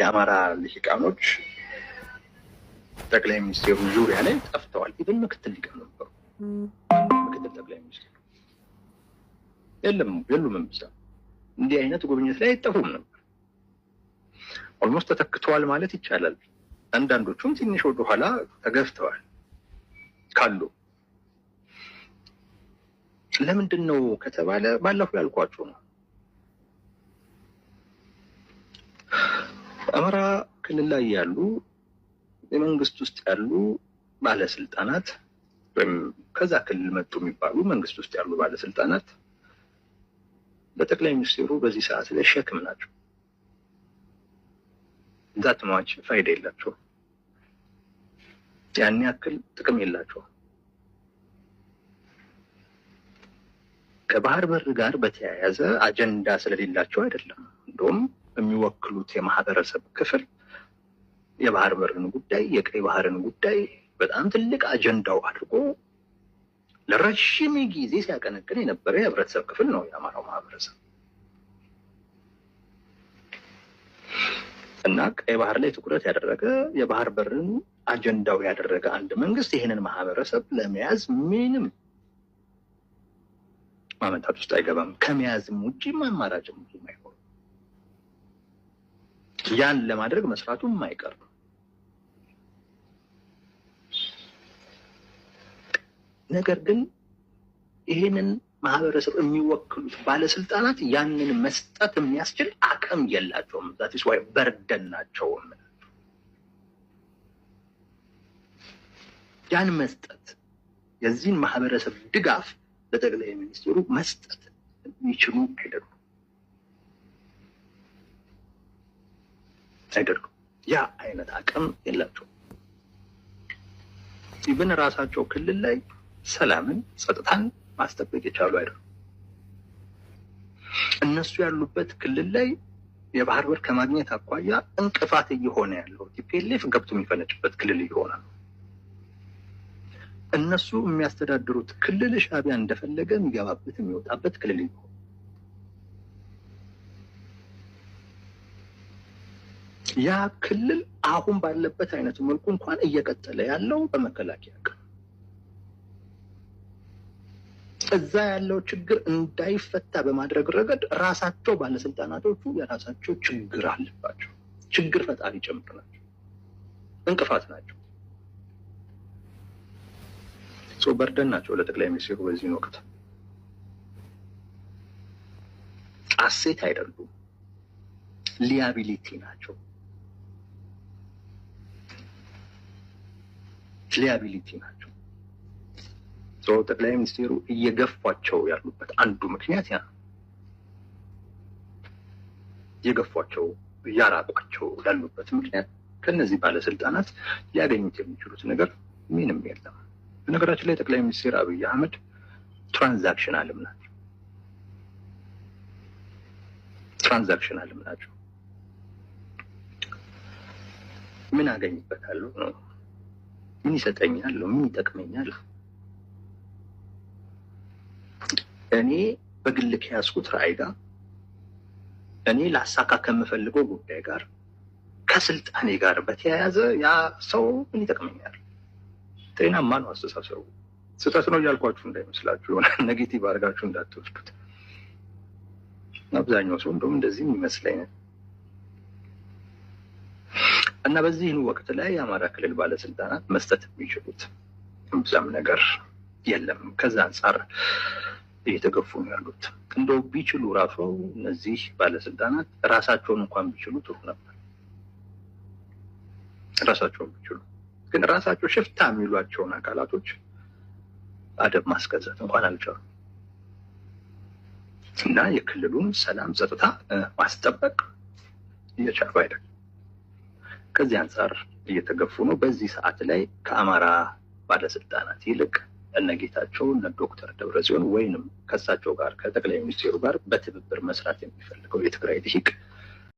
የአማራ ልሂቃኖች ጠቅላይ ሚኒስትሩ ዙሪያ ላይ ጠፍተዋል። ኢቨን ምክትል ሊቀም ነበሩ። ምክትል ጠቅላይ ሚኒስትሩ የለም የሉም። ምሳ እንዲህ አይነት ጉብኝት ላይ አይጠፉም ነበር። ኦልሞስት ተተክተዋል ማለት ይቻላል። አንዳንዶቹም ትንሽ ወደኋላ ተገፍተዋል ካሉ ለምንድን ነው ከተባለ ባለፈው ያልኳቸው ነው። አማራ ክልል ላይ ያሉ የመንግስት ውስጥ ያሉ ባለስልጣናት ወይም ከዛ ክልል መጡ የሚባሉ መንግስት ውስጥ ያሉ ባለስልጣናት በጠቅላይ ሚኒስትሩ በዚህ ሰዓት ላይ ሸክም ናቸው። ዛት ማች ፋይዳ የላቸው፣ ያን ያክል ጥቅም የላቸው ከባህር በር ጋር በተያያዘ አጀንዳ ስለሌላቸው አይደለም። እንደውም የሚወክሉት የማህበረሰብ ክፍል የባህር በርን ጉዳይ የቀይ ባህርን ጉዳይ በጣም ትልቅ አጀንዳው አድርጎ ለረዥም ጊዜ ሲያቀነቅን የነበረ የህብረተሰብ ክፍል ነው የአማራው ማህበረሰብ እና ቀይ ባህር ላይ ትኩረት ያደረገ የባህር በርን አጀንዳው ያደረገ አንድ መንግስት ይህንን ማህበረሰብ ለመያዝ ምንም ማመንታት ውስጥ አይገባም። ከመያዝም ውጭ አማራጭም ያን ለማድረግ መስራቱ የማይቀር ነው። ነገር ግን ይህንን ማህበረሰብ የሚወክሉት ባለስልጣናት ያንን መስጠት የሚያስችል አቅም የላቸውም። ዛት ስ በርደን ናቸውም። ያን መስጠት የዚህን ማህበረሰብ ድጋፍ ለጠቅላይ ሚኒስትሩ መስጠት የሚችሉ አይደሉም። አይደሉ ያ አይነት አቅም የላቸውም። ኢቭን ራሳቸው ክልል ላይ ሰላምን፣ ጸጥታን ማስጠበቅ የቻሉ አይደሉም። እነሱ ያሉበት ክልል ላይ የባህር በር ከማግኘት አኳያ እንቅፋት እየሆነ ያለው ቲፒኤልኤፍ ገብቶ የሚፈነጭበት ክልል እየሆነ ነው። እነሱ የሚያስተዳድሩት ክልል ሻቢያ እንደፈለገ የሚገባበት የሚወጣበት ክልል እየሆነ ያ ክልል አሁን ባለበት አይነት መልኩ እንኳን እየቀጠለ ያለው በመከላከያ እዛ ያለው ችግር እንዳይፈታ በማድረግ ረገድ ራሳቸው ባለስልጣናቶቹ የራሳቸው ችግር አለባቸው። ችግር ፈጣሪ ጭምር ናቸው፣ እንቅፋት ናቸው፣ በርደን ናቸው ለጠቅላይ ሚኒስትሩ በዚህን ወቅት አሴት አይደሉም፣ ሊያቢሊቲ ናቸው። ሊያቢሊቲ ናቸው። ጠቅላይ ሚኒስትሩ እየገፏቸው ያሉበት አንዱ ምክንያት ያ እየገፏቸው እያራቋቸው ያሉበት ምክንያት ከነዚህ ባለስልጣናት ሊያገኙት የሚችሉት ነገር ምንም የለም። በነገራችን ላይ ጠቅላይ ሚኒስትር አብይ አህመድ ትራንዛክሽን አልም ናቸው። ትራንዛክሽን አልም ናቸው። ምን አገኝበታሉ ነው ምን ይሰጠኛል? ምን ይጠቅመኛል? እኔ በግል ከያዝኩት ራዕይ ጋር እኔ ላሳካ ከምፈልገው ጉዳይ ጋር ከስልጣኔ ጋር በተያያዘ ያ ሰው ምን ይጠቅመኛል? ጤናማ ነው አስተሳሰቡ። ስህተት ነው እያልኳችሁ እንዳይመስላችሁ የሆነ ኔጌቲቭ አድርጋችሁ እንዳትወስዱት። አብዛኛው ሰው እንደውም እንደዚህ የሚመስል አይነት እና በዚህን ወቅት ላይ የአማራ ክልል ባለስልጣናት መስጠት የሚችሉት እምብዛም ነገር የለም። ከዛ አንጻር እየተገፉ ነው ያሉት። እንደው ቢችሉ ራሱ እነዚህ ባለስልጣናት ራሳቸውን እንኳን ቢችሉ ጥሩ ነበር። ራሳቸውን ቢችሉ ግን ራሳቸው ሽፍታ የሚሏቸውን አካላቶች አደብ ማስገዛት እንኳን አልቻሉም። እና የክልሉን ሰላም ጸጥታ ማስጠበቅ እየቻሉ አይደለም። ከዚህ አንጻር እየተገፉ ነው። በዚህ ሰዓት ላይ ከአማራ ባለስልጣናት ይልቅ እነ ጌታቸው እነ ዶክተር ደብረጽዮን ወይንም ከሳቸው ጋር ከጠቅላይ ሚኒስቴሩ ጋር በትብብር መስራት የሚፈልገው የትግራይ ልሂቅ